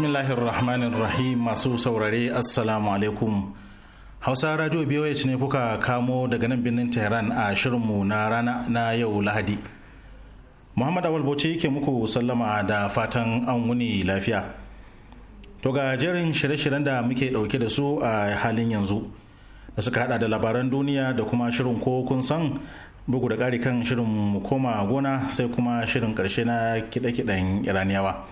bismillahirrahmanirrahim masu saurare assalamu alaikum hausa radio biyoyi ne kuka kamo daga nan birnin tehran a shirinmu na rana na yau lahadi muhammad awal bauchi yake muku sallama da fatan an wuni lafiya to ga jerin shirye-shiryen da muke dauke da su a halin yanzu da suka hada da labaran duniya da kuma shirin ko kun san bugu da kari kan shirin koma gona sai kuma shirin karshe na kiɗe-kiɗen iraniyawa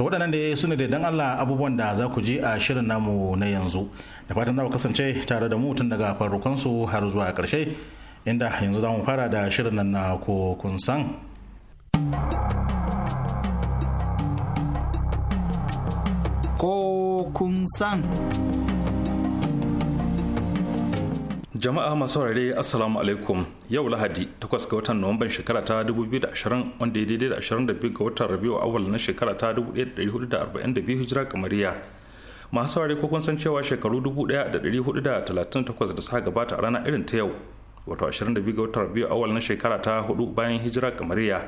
to waɗannan da su ne da dan Allah abubuwan da za ku ji a shirin namu na yanzu da fatan za ku kasance tare da mu tun daga farkon har zuwa ƙarshe inda yanzu za mu fara da shirin nan na ko kun san ko kun san jama'a masu saurare assalamu alaikum yau lahadi 8 ga watan nuwamban shekara ta 2020 wanda ya daidai da 22 ga watan rabiu awal na shekara ta 1442 hijira kamariya masu saurare ko kun san cewa shekaru 1438 da suka gabata a rana irin ta yau wato 22 ga watan rabiu awal na shekara ta 4 bayan hijira kamariya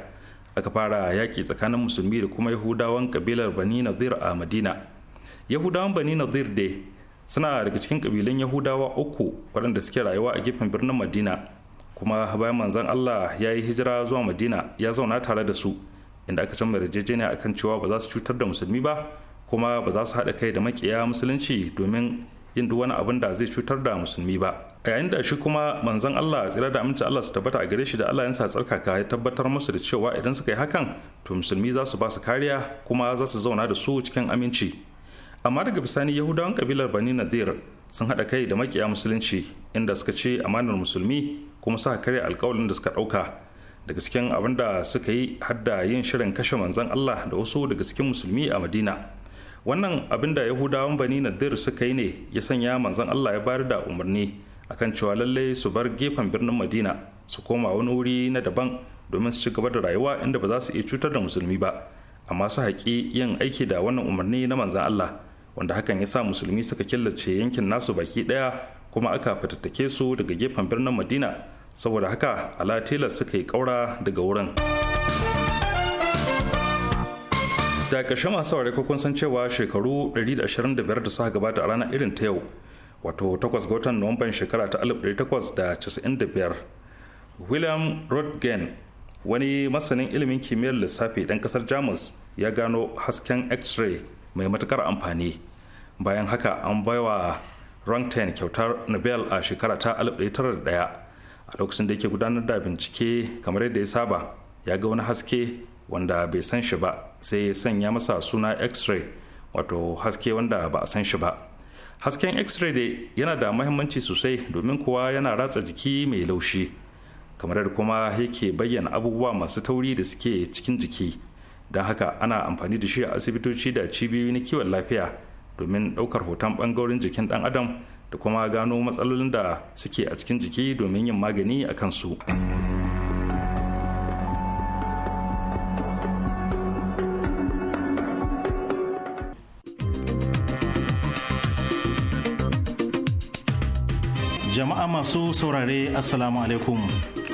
aka fara yaƙi tsakanin musulmi da kuma yahudawan kabilar bani nadir a madina yahudawan bani nadir dai suna daga cikin kabilan yahudawa uku waɗanda suke rayuwa a gefen birnin madina kuma bayan manzan allah ya yi hijira zuwa madina ya zauna tare da su inda aka canza yarjejeniya kan cewa ba za su cutar da musulmi ba kuma ba za su haɗa kai da makiya musulunci domin yin duk wani abin da zai cutar da musulmi ba a yayin da shi kuma manzan Allah tsira da aminci Allah su tabbata a gare shi da Allah yansa tsarkaka ya tabbatar musu da cewa idan suka yi hakan to musulmi za su ba su kariya kuma za su zauna da su cikin aminci amma daga bisani yahudawan kabilar bani nadir sun haɗa kai da makiya musulunci inda suka ce amanar musulmi kuma suka karya alkawalin da suka ɗauka daga cikin abin da suka yi hadda yin shirin kashe manzan Allah da wasu daga cikin musulmi a Madina wannan abin da yahudawan bani nadir suka yi ne ya sanya manzan Allah ya bayar da umarni akan cewa lallai su bar gefen birnin Madina su koma wani wuri na daban domin su ci gaba da rayuwa inda ba za su iya cutar da musulmi ba amma su haƙi yin aiki da wannan umarni na manzan Allah wanda hakan ya sa musulmi suka killace yankin nasu baki daya kuma aka fatattake su daga gefen birnin madina saboda haka ala tilas suka yi kaura daga wurin da ƙarshe masu saurare kun san cewa shekaru 125 da suka gabata a ranar irin ta yau wato 8 ga watan nuwamban shekara ta 1895 william rodgen wani masanin ilimin kimiyyar lissafi ɗan ƙasar jamus ya gano hasken x-ray mai matukar amfani bayan haka an baiwa rankin kyautar nobel a shekara ta 1901 a lokacin da yake gudanar da bincike kamar yadda ya saba ya ga wani haske wanda bai san shi ba sai sanya masa suna x-ray wato haske wanda ba a san shi ba hasken x-ray dai yana da mahimmanci sosai domin kuwa yana ratsa jiki mai laushi kamar da kuma yake bayyana abubuwa masu tauri da suke cikin jiki don haka ana amfani da shi a asibitoci da cibiyoyi na kiwon lafiya domin ɗaukar hoton ɓangarorin jikin ɗan adam da kuma gano matsalolin da suke a cikin jiki domin yin magani a kansu. jama'a masu saurare assalamu alaikum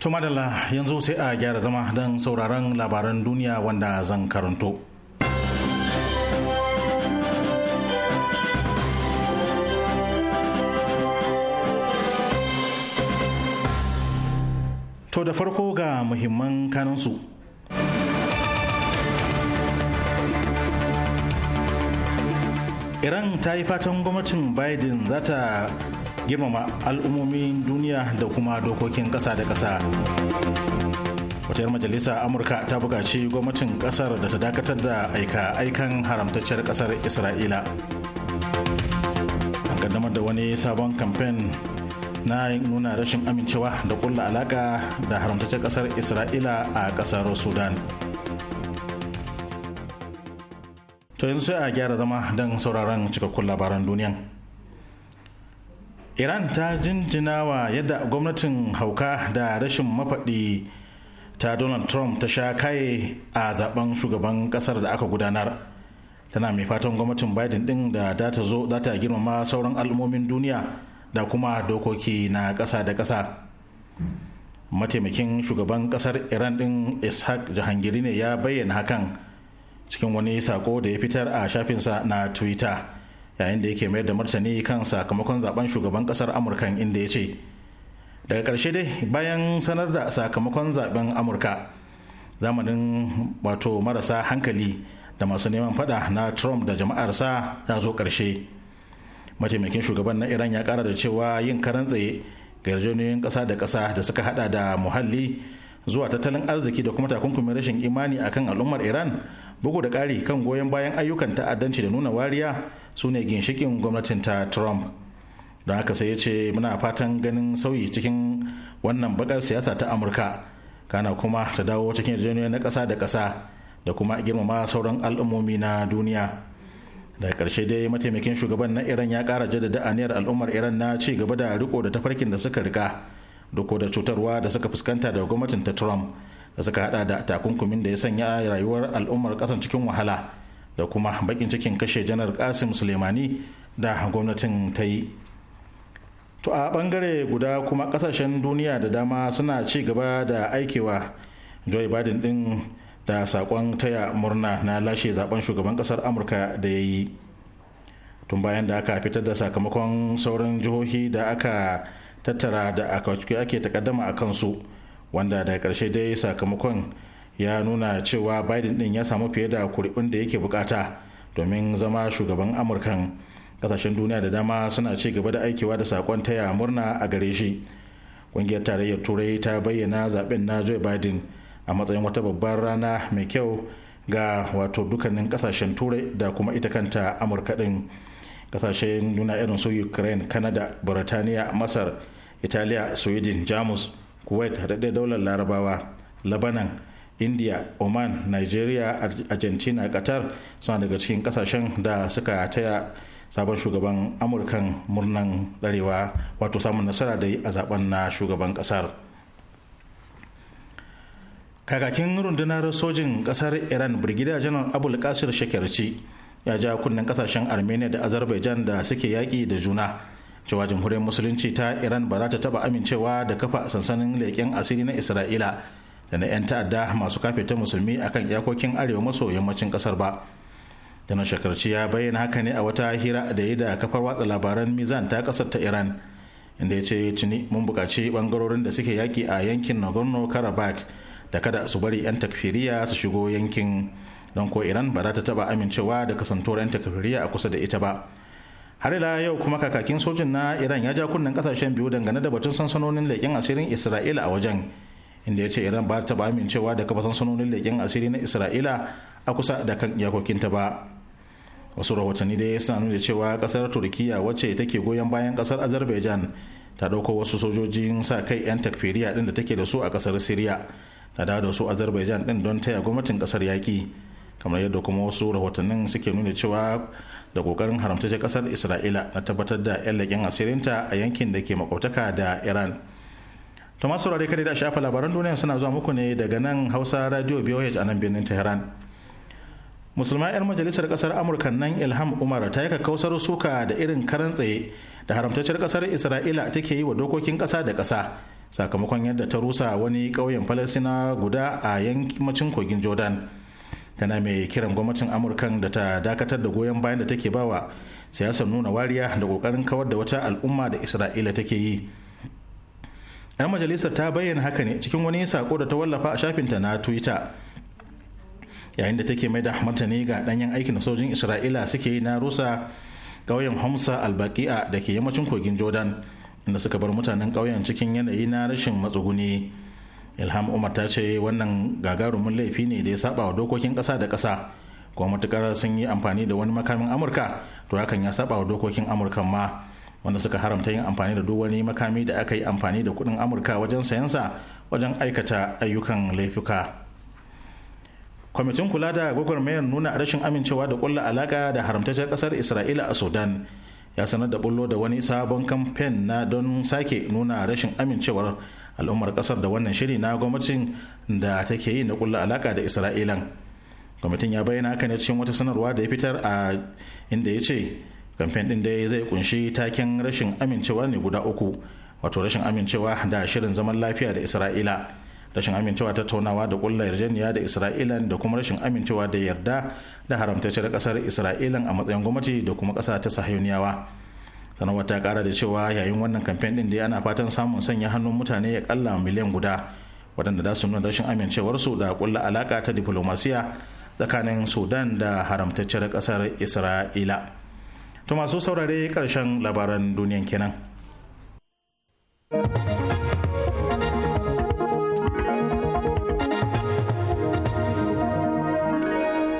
To madalla yanzu sai a gyara zama don sauraron labaran duniya wanda zan karanto. To da farko ga muhimman kanansu. Iran ta yi fatan gwamnatin Biden za ta girmama al'ummomin duniya da kuma dokokin ƙasa da ƙasa wata majalisa amurka ta buƙaci gwamnatin ƙasar da ta dakatar da aika aikan haramtacciyar ƙasar isra'ila an kaddamar da wani sabon kamfen na nuna rashin amincewa da kulla alaka da haramtacciyar ƙasar isra'ila a ƙasar sudan to yanzu sai a gyara zama don sauraron cikakkun labaran duniyan iran ta jinjina wa yadda gwamnatin hauka da rashin mafaɗi ta donald trump ta sha kaye a zaben shugaban kasar da aka gudanar tana mai fatan gwamnatin biden din da za ta zo data girmama sauran al'ummomin duniya da kuma dokoki na ƙasa da ƙasa mataimakin shugaban kasar iran din ishaq jahangiri ne ya bayyana hakan cikin wani sako da ya fitar a shafinsa na twitter yayin da yake mayar da martani kan sakamakon zaben shugaban kasar amurka inda ya ce daga karshe dai bayan sanar da sakamakon zaben amurka zamanin wato marasa hankali da masu neman fada na trump da jama'arsa ta zo karshe mataimakin shugaban na iran ya kara da cewa yin karan tsaye ga yarjejeniyoyin ƙasa da kasa da suka hada da muhalli zuwa tattalin arziki da kuma takunkumin rashin imani akan al'ummar iran bugu da ƙari kan goyon bayan ayyukan ta'addanci da nuna wariya su ne ginshikin gwamnatin ta trump don haka sai ya ce muna fatan ganin sauyi cikin wannan bakar siyasa ta amurka kana kuma ta dawo cikin yarjejeniya na ƙasa da ƙasa da kuma girmama sauran al'ummomi na duniya daga ƙarshe dai mataimakin shugaban na iran ya ƙara jaddada aniyar al'ummar iran na ci gaba da riko da tafarkin da suka rika duk da cutarwa da suka fuskanta daga gwamnatin ta trump da suka hada da takunkumin da ya sanya rayuwar al'ummar kasan cikin wahala da kuma bakin cikin kashe janar kasim sulemani da gwamnatin ta yi to a bangare guda kuma kasashen duniya da dama suna ci gaba da aikewa joe biden din da sakon taya murna na lashe zaben shugaban kasar amurka da ya yi tun bayan da aka fitar da sakamakon sauran jihohi da aka tattara da ake takaddama a kansu wanda daga karshe dai sakamakon ya nuna cewa biden din ya samu fiye da kuri'un da yake bukata domin zama shugaban amurkan kasashen duniya da dama suna ci gaba da aikewa da sakon taya murna a gare shi kungiyar tarayyar turai ta bayyana zaben na joe biden a matsayin wata babbar rana mai kyau ga wato dukkanin kasashen turai da kuma ita kanta amurka din kasashen duniya irin su ukraine canada burtaniya masar italiya sweden jamus kuwait haɗaɗɗen daular larabawa labanan india oman nigeria argentina qatar suna daga cikin kasashen da suka taya sabon shugaban amurkan murnan ɗarewa wato samun nasara da yi a zaben na shugaban kasar kakakin rundunar sojin kasar iran birgida janar abul kasir shekarci ya ja kunnen kasashen armenia da azerbaijan da suke yaƙi da juna cewa jamhuriyar musulunci ta iran ba za ta taba amincewa da kafa sansanin leƙen asiri na isra'ila da na 'yan ta'adda masu kafe ta musulmi akan iyakokin arewa maso yammacin ƙasar ba dana shakarci ya bayyana haka ne a wata hira da yi da kafar watsa labaran mizan ta kasar ta iran inda ya ce tuni mun buƙaci bangarorin da suke yaƙi a yankin nagorno karabakh da kada su bari 'yan takfiriya su shigo yankin don ko iran ba za ta taba amincewa da kasantuwar 'yan takfiriya a kusa da ita ba har ila yau kuma kakakin sojin na iran ya ja kunnen kasashen biyu dangane da batun sansanonin leƙen asirin isra'ila a wajen inda ya ce iran ba ta ba amincewa da kafa sansanonin leƙen asiri na isra'ila a kusa da kan iyakokinta ba wasu rahotanni dai suna nuna cewa kasar turkiya wacce take goyon bayan kasar azerbaijan ta ɗauko wasu sojojin sa kai 'yan takfiriya din da take da su a kasar syria ta da su azerbaijan din don taya gwamnatin kasar yaki kamar yadda kuma wasu rahotannin suke nuna cewa da kokarin haramtace kasar isra'ila na tabbatar da 'yan leƙen asirinta a yankin da ke makautaka da iran ta masu saurare kada da shafa labaran duniya suna zuwa muku ne daga nan hausa radio boh a nan birnin tehran musulma 'yan majalisar kasar amurka nan ilham umar ta yi kakkausar suka da irin karan tsaye da haramtacciyar kasar isra'ila take yi wa dokokin kasa da kasa sakamakon yadda ta rusa wani ƙauyen falasina guda a yammacin kogin jordan tana mai kiran gwamnatin amurkan da ta dakatar da goyon bayan da take bawa siyasar nuna wariya da kokarin kawar da wata al'umma da isra'ila take yi yan majalisar ta bayyana haka ne cikin wani sako da ta wallafa a shafinta na twitter yayin da take mai da martani ga danyen aikin sojin isra'ila suke yi na rusa ƙauyen homsa albaki'a da ke yammacin kogin jordan inda suka bar mutanen ƙauyen cikin yanayi na rashin matsuguni ilham umar ta ce wannan gagarumin laifi ne da ya saba wa dokokin kasa da kasa kuma matukar sun yi amfani da wani makamin amurka to hakan ya saba wa dokokin amurkan ma wanda suka haramta yin amfani da duk wani makami da aka yi amfani da kuɗin amurka wajen sayansa wajen aikata ayyukan laifuka kwamitin kula da gwagwarmayar nuna rashin amincewa da kulla alaka da haramtaccen kasar isra'ila a sudan ya sanar da bullo da wani sabon kamfen na don sake nuna rashin amincewar al'ummar kasar da wannan shiri na gwamnatin da take yi na kulla alaka da isra'ilan kwamitin ya bayyana haka ne cikin wata sanarwa da ya fitar a inda ya ce kamfen din dai zai kunshi taken rashin amincewa ne guda uku wato rashin amincewa da shirin zaman lafiya da isra'ila rashin amincewa tattaunawa da kulla yarjejeniya da isra'ila da kuma rashin amincewa da yarda da haramtacciyar kasar isra'ilan a matsayin gwamnati da kuma kasa ta sahiyoniyawa sanarwar ta kara da cewa yayin wannan kamfen din da ana fatan samun sanya hannun mutane ya kalla miliyan guda waɗanda za su nuna rashin amincewarsu da kulla alaka ta diplomasiya tsakanin sudan da haramtacciyar ƙasar isra'ila to masu saurare karshen labaran duniyan kenan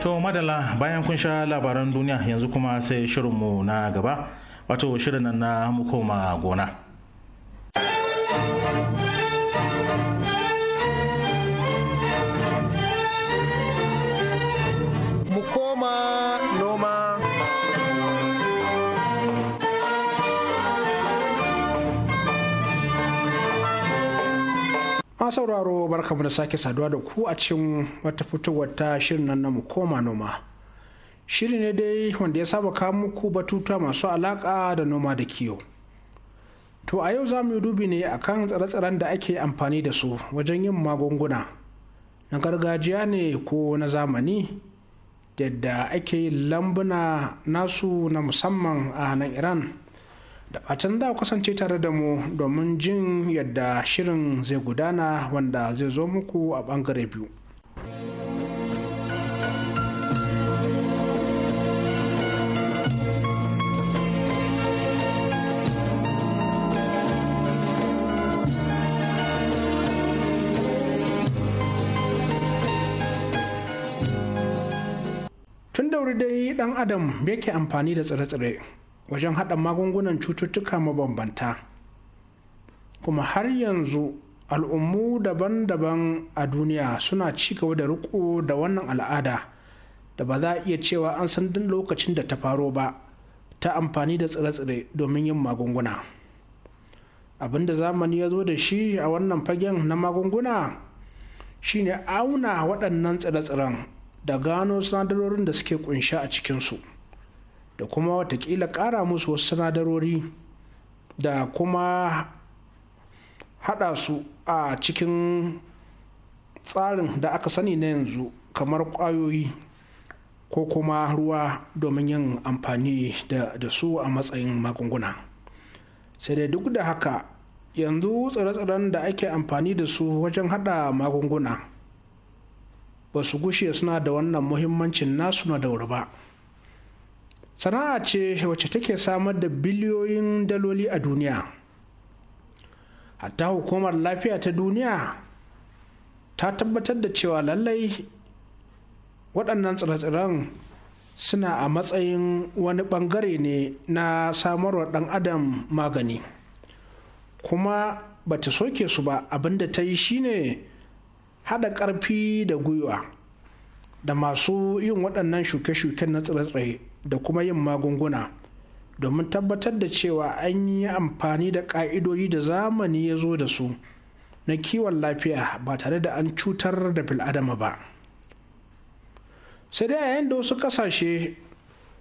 to madala bayan kun sha labaran duniya yanzu kuma sai shirinmu na gaba wato shirin nan na mukoma gona a sauraro barkamu da sake saduwa da ku a cikin wata fitowar ta shirin nan na koma noma shiri ne dai wanda ya saba kawo muku batuta masu alaka da noma da kiwo to a yau za mu yi dubi ne a kan tsare-tsaren da ake amfani da su wajen yin magunguna na gargajiya ne ko na zamani yadda ake yin lambuna nasu na musamman a nan iran da fatan za kasance tare da mu domin jin yadda shirin zai gudana wanda zai zo muku a bangare biyu kamar dai dan adam yake amfani da tsire-tsire wajen haɗa magungunan cututtuka mabambanta kuma har yanzu al'ummu daban-daban a duniya suna ci gaba da riko da wannan al'ada da ba za a iya cewa an san din lokacin da ta faro ba ta amfani da tsire-tsire domin yin magunguna Abin da zamani ya zo da shi a wannan fagen na magunguna shine auna waɗannan tsire-tsiren da gano sinadarorin da suke kunshe a cikinsu da kuma watakila kara musu wasu sinadarori da kuma hada su a cikin tsarin da aka sani na yanzu kamar kwayoyi ko kuma ruwa domin yin amfani da su a matsayin magunguna sai dai duk da haka yanzu tsare-tsaren da ake amfani da su wajen hada magunguna ba su gushe suna da wannan muhimmancin nasu na dauri ba sana'a ce wacce take samar da biliyoyin daloli a duniya hatta hukumar lafiya ta duniya ta tabbatar da cewa lallai waɗannan tsire-tsiren suna a matsayin wani ɓangare ne na samarwa ɗan adam magani kuma ba ta soke su ba abinda ta yi shine haɗa ƙarfi da gwiwa da masu yin waɗannan shuke-shuken na tsire da kuma yin magunguna domin tabbatar da cewa an yi amfani da ƙa'idoji da zamani ya zo da su na kiwon lafiya ba tare da an cutar da bil'adama ba sai dai a yayin da wasu ƙasashe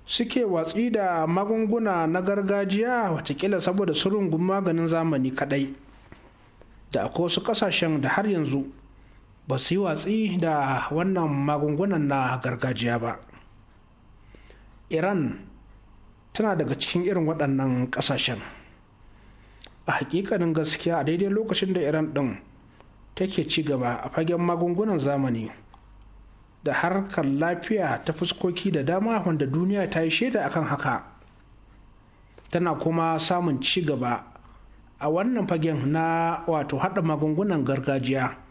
suke watsi da magunguna na gargajiya watakila saboda surungun maganin zamani kaɗai da akwai wasu ƙasashen da har yanzu ba su yi watsi da wannan magungunan na gargajiya ba iran tana daga cikin irin waɗannan ƙasashen a hakikanin gaskiya a daidai lokacin da iran ɗin take ci gaba a fagen magungunan zamani da harkar lafiya ta fuskoki da dama wanda duniya ta yi shaida akan haka tana kuma samun ci gaba a wannan fagen na wato haɗa magungunan gargajiya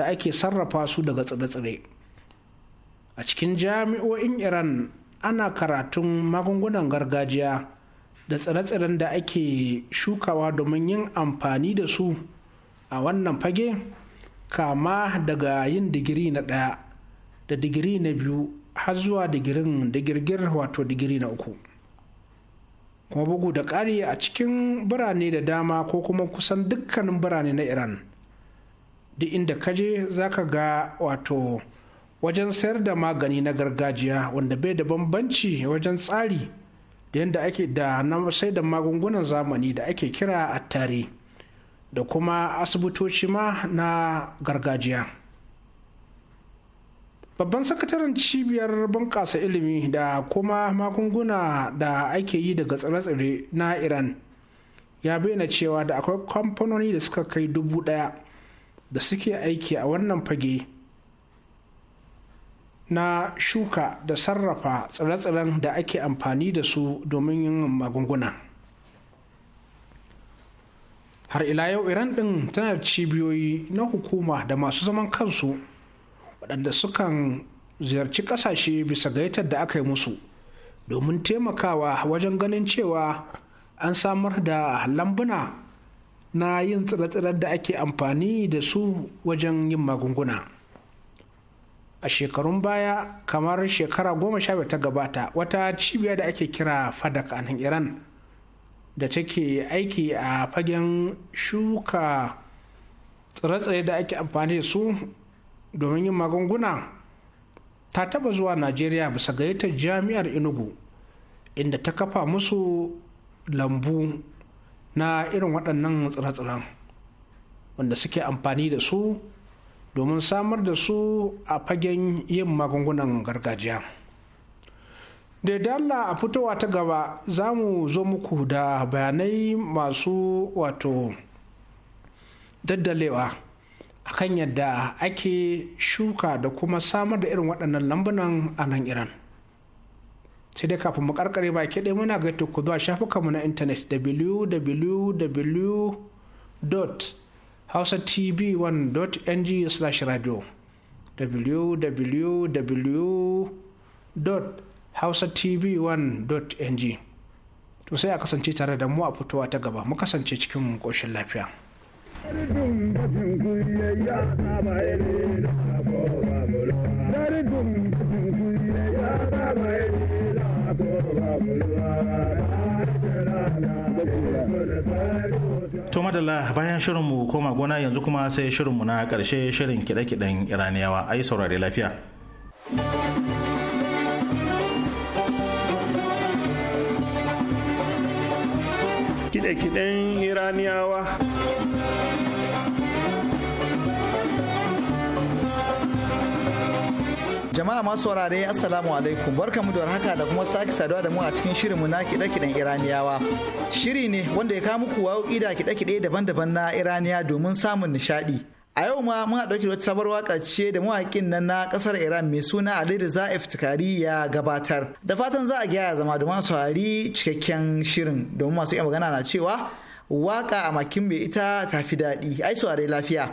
da ake sarrafa su daga tsire-tsire a cikin jami'o'in iran ana karatun magungunan gargajiya da tsire-tsiren da ake shukawa domin yin amfani da su a wannan fage kama daga yin digiri na ɗaya da digiri na biyu har zuwa digirin digirgir wato digiri na uku kuma bugu da ƙari a cikin birane da dama ko kuma kusan dukkanin birane na iran duk inda ka je za ka ga wato wajen sayar da magani na gargajiya wanda bai da bambanci wajen tsari da yadda ake da na sai da magungunan zamani da ake kira a tare da kuma asibitoci ma na gargajiya babban sakataren cibiyar bunƙasa ilimi da kuma magunguna da ake yi daga tsire-tsire na iran ya bayyana cewa da akwai kamfanoni da suka kai dubu ɗaya da suke aiki a wannan fage na shuka da sarrafa tsare-tsaren da ake amfani da su domin yin magunguna har ila yau iran ɗin tana da cibiyoyi na hukuma da masu zaman kansu waɗanda sukan ziyarci ƙasashe bisa gaitar da aka yi musu domin taimakawa wajen ganin cewa an samar da lambuna na yin tsire-tsiren da ake amfani da su wajen yin magunguna a shekarun baya kamar shekara goma sha ta gabata wata cibiya da ake kira fadak a iran da take aiki a fagen shuka tsire-tsire da ake amfani da su domin yin magunguna ta taba zuwa najeriya bisa gayyatar jami'ar inugu inda ta kafa musu lambu na irin waɗannan tsire-tsiren wanda suke amfani da su domin samar da su a fagen yin magungunan gargajiya da dalla a fitowa ta gaba za mu zo muku da bayanai masu wato daddalewa akan yadda ake shuka da kuma samar da irin waɗannan lambunan a nan iran sai dai kafin mu karkare baki ɗaya muna gaita ku zuwa shafukanmu na intanet www.hausatv1.ng/radio www.hausatv1.ng to sai a kasance tare da mu a fitowa ta gaba mu kasance cikin ƙoshin lafiya. Daridun bajin kuyayya na bayan ne na kowa mula. Daridun bajin kuyayya na bayan To madalla bayan shirin shirinmu koma gona yanzu kuma sai shirin mu na ƙarshe shirin kiɗe-kiɗen Iraniyawa a yi saurare lafiya. Kiɗe-kiɗen Iraniyawa. jama'a masu saurare assalamu alaikum barkamu da haka da kuma sake saduwa da mu a cikin shirinmu na kiɗe-kiɗen iraniyawa shiri ne wanda ya kawo muku waƙoƙi da kiɗe-kiɗe daban-daban na iraniya domin samun nishaɗi a yau ma muna ɗauki wata sabar waka ce da mawaƙin nan na ƙasar iran mai suna ali riza iftikari ya gabatar da fatan za a gyara zama domin saurari cikakken shirin domin masu iya magana na cewa waƙa a makin mai ita tafi daɗi ai saurare lafiya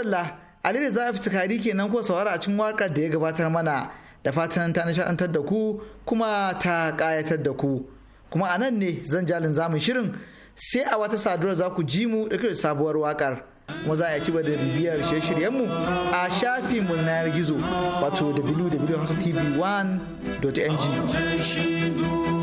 madalla ali da zafi tukari kenan ko saurara a cikin wakar da ya gabatar mana da fatan ta nishadantar da ku kuma ta kayatar da ku kuma a nan ne zan jalin zamun shirin sai a wata saduwar za ku ji mu da sabuwar wakar kuma za a ci da bibiyar shirye-shiryenmu a shafin na gizo wato dot 1ng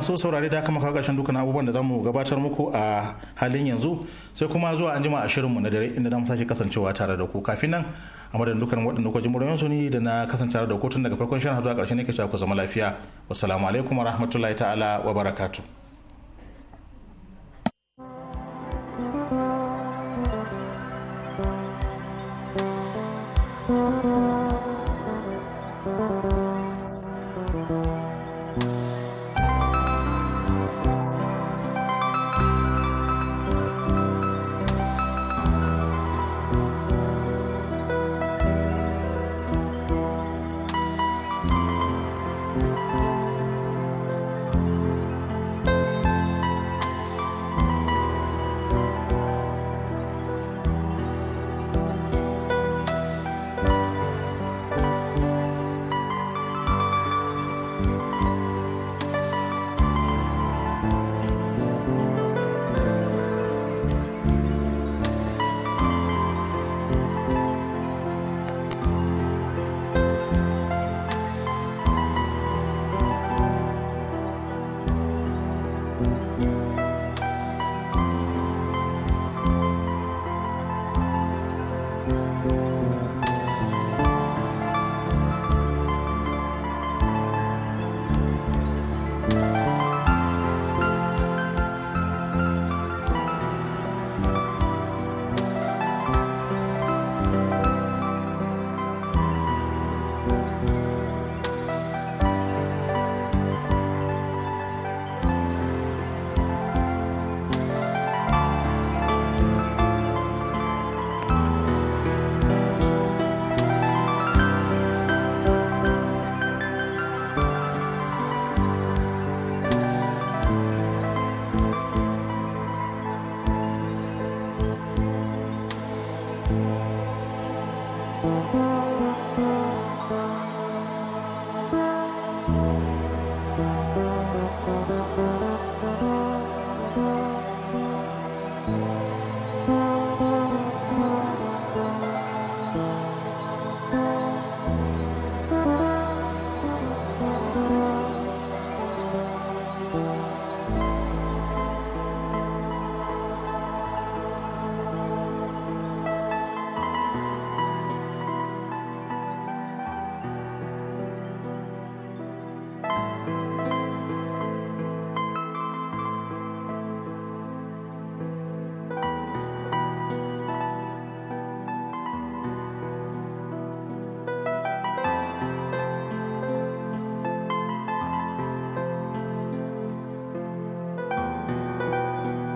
masu saurare da haka maka ƙarshen dukkan abubuwan da zamu gabatar muku a halin yanzu sai kuma zuwa an jima a shirinmu na dare inda zamu sake kasancewa tare da ku kafin nan a madadin dukkan waɗanda kwajin murayen su ne da na kasance tare da kotun daga farkon shirin zuwa ƙarshen ne ka ku zama lafiya wassalamu alaikum wa rahmatullahi ta'ala wa barakatu. Música